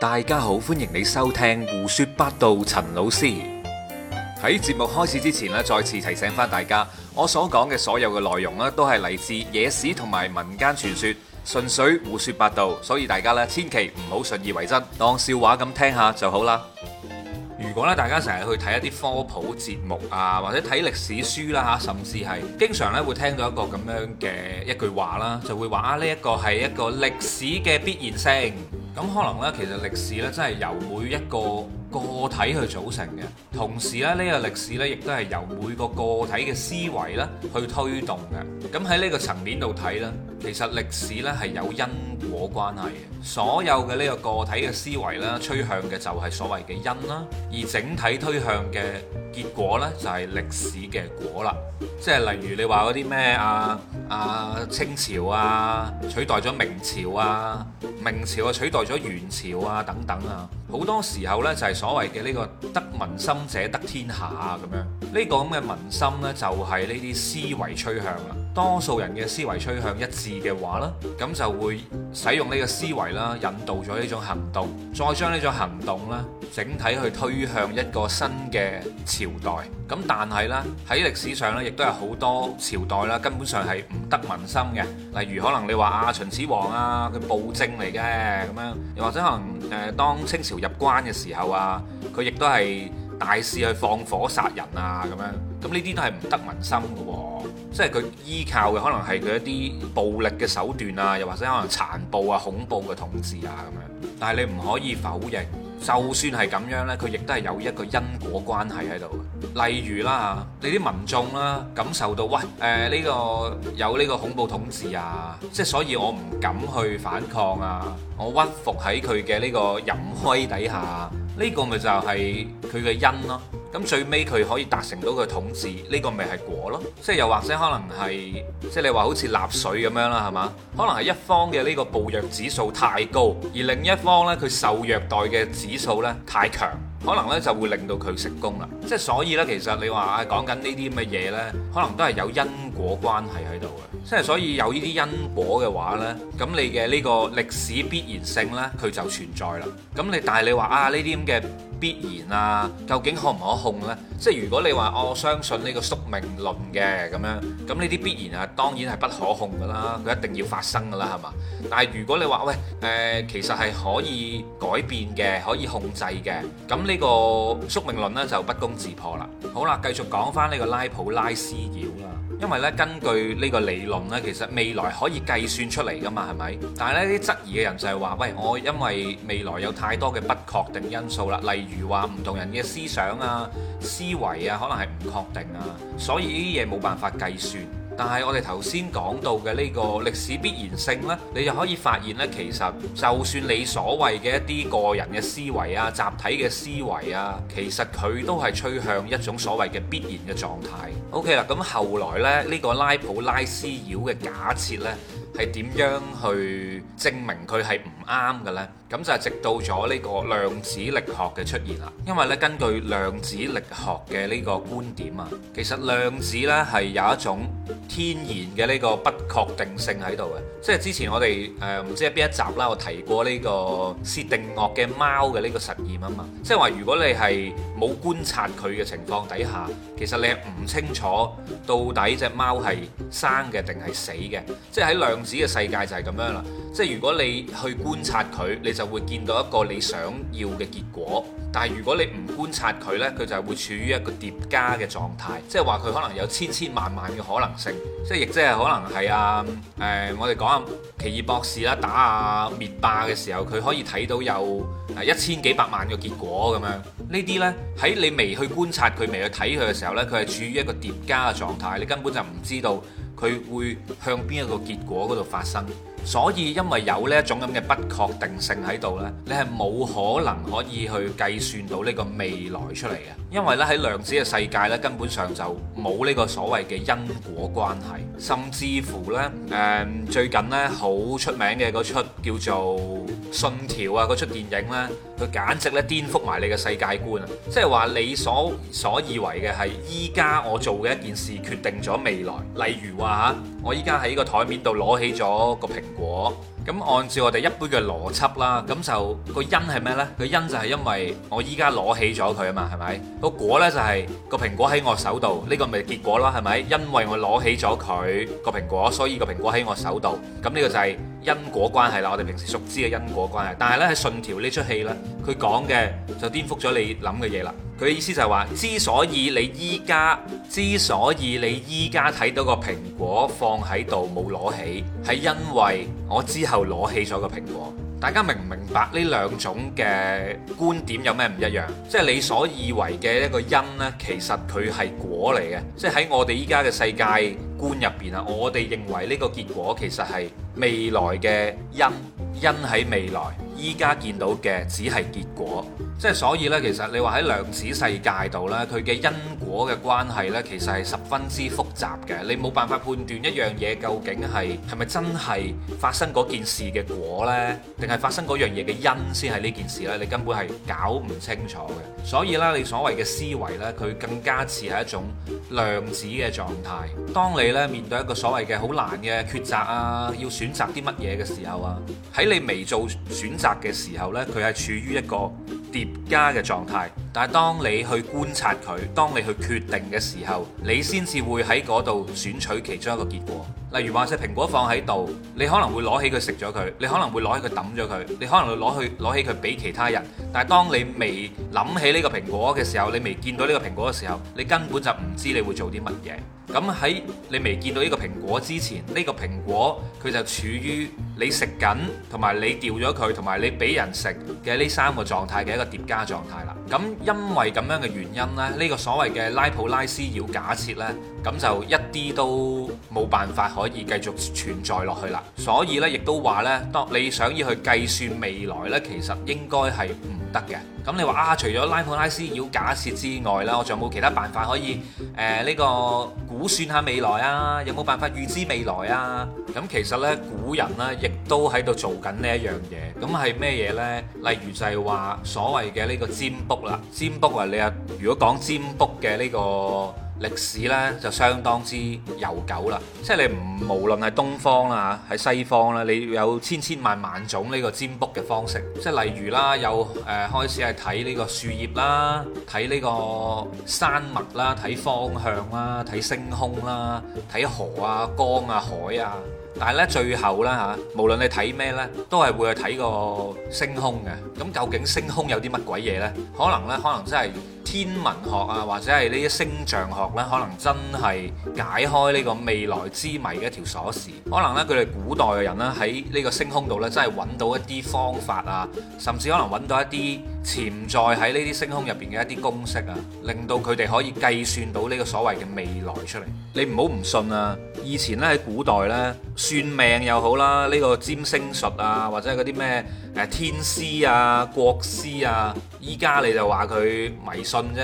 大家好，歡迎你收聽胡說八道。陳老師喺節目開始之前咧，再次提醒翻大家，我所講嘅所有嘅內容咧，都係嚟自野史同埋民間傳說，純粹胡說八道，所以大家咧千祈唔好信以為真，當笑話咁聽下就好啦。如果咧大家成日去睇一啲科普節目啊，或者睇歷史書啦吓，甚至係經常咧會聽到一個咁樣嘅一句話啦，就會話啊，呢一個係一個歷史嘅必然性。咁可能呢，其實歷史呢，真係由每一個個體去組成嘅，同時咧呢，呢個歷史呢，亦都係由每個個體嘅思維呢去推動嘅。咁喺呢個層面度睇呢，其實歷史呢係有因果關係嘅。所有嘅呢個個體嘅思維呢，趨向嘅就係所謂嘅因啦，而整體推向嘅結果呢，就係歷史嘅果啦。即係例如你話嗰啲咩啊？啊，清朝啊取代咗明朝啊，明朝啊取代咗元朝啊等等啊，好多時候呢，就係所謂嘅呢個得民心者得天下啊咁樣，呢個咁嘅民心呢，就係呢啲思維趨向啦。多數人嘅思維趨向一致嘅話呢，咁就會使用呢個思維啦，引導咗呢種行動，再將呢種行動呢，整體去推向一個新嘅朝代。咁但係呢，喺歷史上呢，亦都有好多朝代啦，根本上係唔得民心嘅。例如可能你話啊，秦始皇啊，佢暴政嚟嘅咁樣，又或者可能誒當清朝入關嘅時候啊，佢亦都係大肆去放火殺人啊咁樣。咁呢啲都係唔得民心嘅喎，即係佢依靠嘅可能係佢一啲暴力嘅手段啊，又或者可能殘暴啊、恐怖嘅統治啊咁樣。但係你唔可以否認，就算係咁樣呢，佢亦都係有一個因果關係喺度。例如啦，你啲民眾啦，感受到，喂誒呢個有呢個恐怖統治啊，即係所以我唔敢去反抗啊，我屈服喺佢嘅呢個淫威底下。呢個咪就係佢嘅因咯，咁最尾佢可以達成到佢統治，呢個咪係果咯，即係又或者可能係，即係你話好似溺水咁樣啦，係嘛？可能係一方嘅呢個暴虐指數太高，而另一方呢，佢受虐待嘅指數呢太強，可能呢就會令到佢成功啦。即係所以呢，其實你話啊，講緊呢啲咁嘅嘢呢，可能都係有因果關係喺度嘅。即係所以有呢啲因果嘅話呢，咁你嘅呢個歷史必然性呢，佢就存在啦。咁你但係你話啊，呢啲咁嘅必然啊，究竟可唔可控呢？即係如果你話我相信呢個宿命論嘅咁樣，咁呢啲必然啊，當然係不可控噶啦，佢一定要發生噶啦，係嘛？但係如果你話喂，誒、呃、其實係可以改變嘅，可以控制嘅，咁呢個宿命論呢，就不攻自破啦。好啦，繼續講翻呢個拉普拉斯妖啦，因為呢，根據呢個理論。其實未來可以計算出嚟㗎嘛，係咪？但係呢啲質疑嘅人就係話，喂，我因為未來有太多嘅不確定因素啦，例如話唔同人嘅思想啊、思維啊，可能係唔確定啊，所以呢啲嘢冇辦法計算。但係我哋頭先講到嘅呢個歷史必然性呢，你就可以發現呢。其實就算你所謂嘅一啲個人嘅思維啊、集體嘅思維啊，其實佢都係趨向一種所謂嘅必然嘅狀態。OK 啦，咁後來呢，呢個拉普拉斯妖嘅假設呢，係點樣去證明佢係唔啱嘅咧，咁就係直到咗呢個量子力學嘅出現啦。因為咧，根據量子力學嘅呢個觀點啊，其實量子咧係有一種天然嘅呢個不確定性喺度嘅。即係之前我哋誒唔知係邊一集啦，我提過呢個薛定諤嘅貓嘅呢個實驗啊嘛。即係話如果你係冇觀察佢嘅情況底下，其實你係唔清楚到底隻貓係生嘅定係死嘅。即係喺量子嘅世界就係咁樣啦。即係如果你去觀觀察佢，你就會見到一個你想要嘅結果。但係如果你唔觀察佢呢，佢就係會處於一個疊加嘅狀態，即係話佢可能有千千萬萬嘅可能性。即係亦即係可能係、呃、啊，誒，我哋講奇異博士啦，打下滅霸嘅時候，佢可以睇到有啊一千幾百萬嘅結果咁樣。呢啲，呢，喺你未去觀察佢，未去睇佢嘅時候呢，佢係處於一個疊加嘅狀態，你根本就唔知道佢會向邊一個結果嗰度發生。所以，因為有呢一種咁嘅不確定性喺度呢，你係冇可能可以去計算到呢個未來出嚟嘅。因為呢，喺量子嘅世界呢，根本上就冇呢個所謂嘅因果關係，甚至乎呢，誒、呃、最近呢好出名嘅嗰出叫做信條啊，嗰出電影呢，佢簡直咧顛覆埋你嘅世界觀啊！即係話你所所以為嘅係依家我做嘅一件事決定咗未來。例如話吓，我依家喺個枱面度攞起咗個蘋果，咁按照我哋一般嘅邏輯啦，咁就個因係咩呢？個因就係因為我依家攞起咗佢啊嘛，係咪？個果呢就係個蘋果喺我手度，呢個咪結果啦，係咪？因為我攞起咗佢個蘋果，所以個蘋果喺我手度，咁呢個就係。因果關係啦，我哋平時熟知嘅因果關係，但係呢，喺《信條》呢出戲呢，佢講嘅就顛覆咗你諗嘅嘢啦。佢嘅意思就係話，之所以你依家之所以你依家睇到個蘋果放喺度冇攞起，係因為我之後攞起咗個蘋果。大家明唔明白呢兩種嘅觀點有咩唔一樣？即係你所以為嘅一個因呢，其實佢係果嚟嘅，即係喺我哋依家嘅世界觀入邊啊！我哋認為呢個結果其實係未來嘅因，因喺未來。依家見到嘅只係結果，即係所以咧，其實你話，喺量子世界度咧，佢嘅因果嘅關係咧，其實係十分之複雜嘅。你冇辦法判斷一樣嘢究竟係係咪真係發生件事嘅果咧，定係發生樣嘢嘅因先係呢件事咧？你根本係搞唔清楚嘅。所以咧，你所謂嘅思維咧，佢更加似係一種量子嘅狀態，當你咧面對一個所謂嘅好難嘅抉擇啊，要選擇啲乜嘢嘅時候啊，喺你未做選擇，嘅時候呢，佢係處於一個疊加嘅狀態。但係當你去觀察佢，當你去決定嘅時候，你先至會喺嗰度選取其中一個結果。例如話，隻蘋果放喺度，你可能會攞起佢食咗佢，你可能會攞起佢抌咗佢，你可能會攞去攞起佢俾其他人。但係當你未諗起呢個蘋果嘅時候，你未見到呢個蘋果嘅時候，你根本就唔知你會做啲乜嘢。咁喺你未見到呢個蘋果之前，呢個蘋果佢就處於你食緊同埋你掉咗佢同埋你俾人食嘅呢三個狀態嘅一個疊加狀態啦。咁因為咁樣嘅原因呢，呢個所謂嘅拉普拉斯妖假設呢，咁就一啲都冇辦法可以繼續存在落去啦。所以呢，亦都話呢，當你想要去計算未來呢，其實應該係得嘅，咁你話啊，除咗拉普拉斯妖假設之外啦，我仲有冇其他辦法可以誒呢、呃，這個估算下未來啊？有冇辦法預知未來啊？咁其實呢，古人呢亦都喺度做緊呢一樣嘢。咁係咩嘢呢？例如就係話所謂嘅呢個占卜啦，占卜啊，你啊，如果講占卜嘅呢、這個。歷史咧就相當之悠久啦，即係你唔無論係東方啊、喺西方啦、啊，你有千千萬萬種呢個占卜嘅方式，即係例如、呃、啦，有誒開始係睇呢個樹葉啦，睇呢個山脈啦，睇方向啦，睇星空啦，睇河啊、江啊、海啊。但係咧，最後咧嚇，無論你睇咩呢，都係會去睇個星空嘅。咁究竟星空有啲乜鬼嘢呢？可能呢，可能真係天文學啊，或者係呢啲星象學呢，可能真係解開呢個未來之謎嘅一條鎖匙。可能呢，佢哋古代嘅人呢，喺呢個星空度呢，真係揾到一啲方法啊，甚至可能揾到一啲潛在喺呢啲星空入邊嘅一啲公式啊，令到佢哋可以計算到呢個所謂嘅未來出嚟。你唔好唔信啊！以前呢，喺古代呢。算命又好啦，呢個占星術啊，或者嗰啲咩誒天師啊、國師啊，依家你就話佢迷信啫。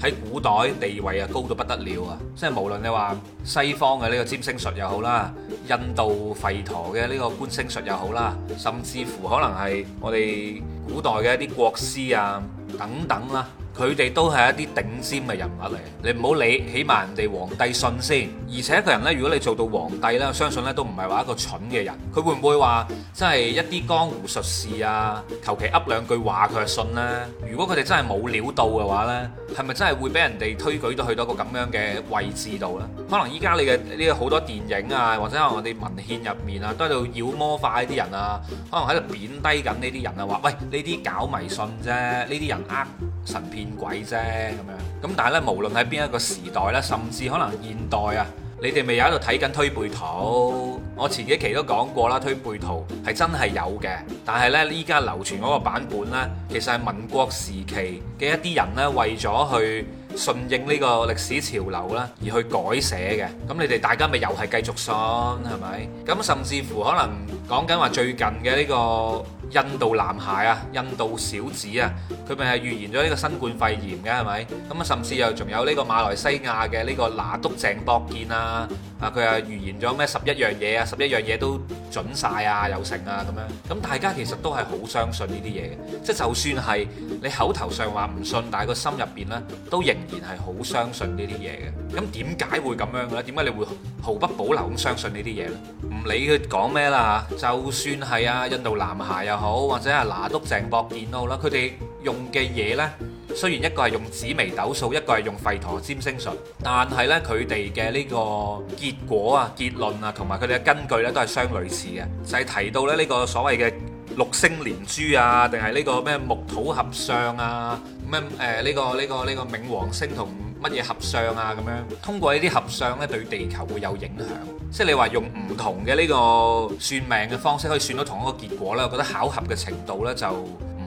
喺古代地位啊，高到不得了啊，即係無論你話西方嘅呢個占星術又好啦，印度吠陀嘅呢個觀星術又好啦，甚至乎可能係我哋古代嘅一啲國師啊等等啦啊。佢哋都係一啲頂尖嘅人物嚟，你唔好理，起碼人哋皇帝信先。而且一個人呢，如果你做到皇帝呢，我相信呢都唔係話一個蠢嘅人。佢會唔會話真係一啲江湖術士啊？求其噏兩句話佢就信呢？如果佢哋真係冇料到嘅話呢，係咪真係會俾人哋推舉到去到個咁樣嘅位置度呢？可能依家你嘅呢個好多電影啊，或者我哋文獻入面啊，都喺度妖魔化啲人啊，可能喺度貶低緊呢啲人啊，話喂呢啲搞迷信啫，呢啲人呃神騙，變鬼啫咁樣，咁但係咧，無論喺邊一個時代咧，甚至可能現代啊，你哋咪又喺度睇緊推背圖？我前幾期都講過啦，推背圖係真係有嘅，但係呢，依家流傳嗰個版本呢，其實係民國時期嘅一啲人呢，為咗去順應呢個歷史潮流啦，而去改寫嘅。咁你哋大家咪又係繼續信係咪？咁甚至乎可能講緊話最近嘅呢個。印度男孩啊，印度小子啊，佢咪係預言咗呢個新冠肺炎嘅係咪？咁啊，甚至又仲有呢個馬來西亞嘅呢個拿督鄭博建啊，啊佢又預言咗咩十一樣嘢啊，十一樣嘢都準晒啊，又成啊咁樣。咁大家其實都係好相信呢啲嘢嘅，即係就算係你口頭上話唔信，但係個心入邊呢都仍然係好相信呢啲嘢嘅。咁點解會咁樣嘅咧？點解你會毫不保留咁相信呢啲嘢呢？唔理佢講咩啦嚇，就算係啊印度男孩又好，或者係拿督鄭博見都好啦，佢哋用嘅嘢咧，雖然一個係用紫微斗數，一個係用吠陀占星術，但係咧佢哋嘅呢個結果啊、結論啊，同埋佢哋嘅根據咧，都係相類似嘅。就係提到咧呢個所謂嘅六星連珠啊，定係呢個咩木土合相啊，咩誒呢個呢個呢個冥王星同。乜嘢合相啊咁樣，通過呢啲合相呢對地球會有影響。即係你話用唔同嘅呢個算命嘅方式，可以算到同一個結果呢，我覺得巧合嘅程度呢就，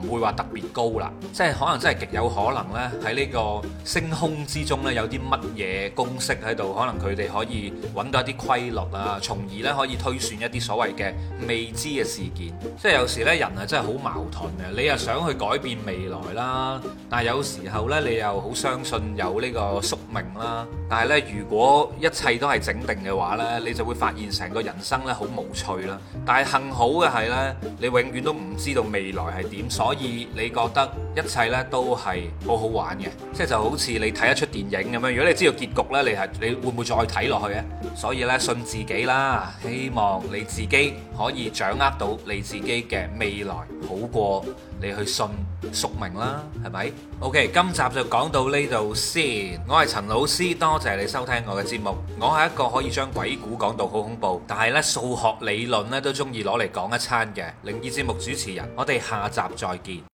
會話特別高啦，即係可能真係極有可能呢，喺呢個星空之中呢，有啲乜嘢公式喺度，可能佢哋可以揾到一啲規律啊，從而呢可以推算一啲所謂嘅未知嘅事件。即係有時呢，人啊真係好矛盾嘅，你又想去改變未來啦，但係有時候呢，你又好相信有呢個宿命啦。但係呢，如果一切都係整定嘅話呢，你就會發現成個人生呢好無趣啦。但係幸好嘅係呢，你永遠都唔知道未來係點，所以。所以你覺得？一切咧都係好好玩嘅，即係就好似你睇一出電影咁樣。如果你知道結局呢，你係你會唔會再睇落去咧？所以呢，信自己啦，希望你自己可以掌握到你自己嘅未來，好過你去信宿命啦，係咪？OK，今集就講到呢度先。我係陳老師，多謝你收聽我嘅節目。我係一個可以將鬼故講到好恐怖，但係呢數學理論呢都中意攞嚟講一餐嘅靈異節目主持人。我哋下集再見。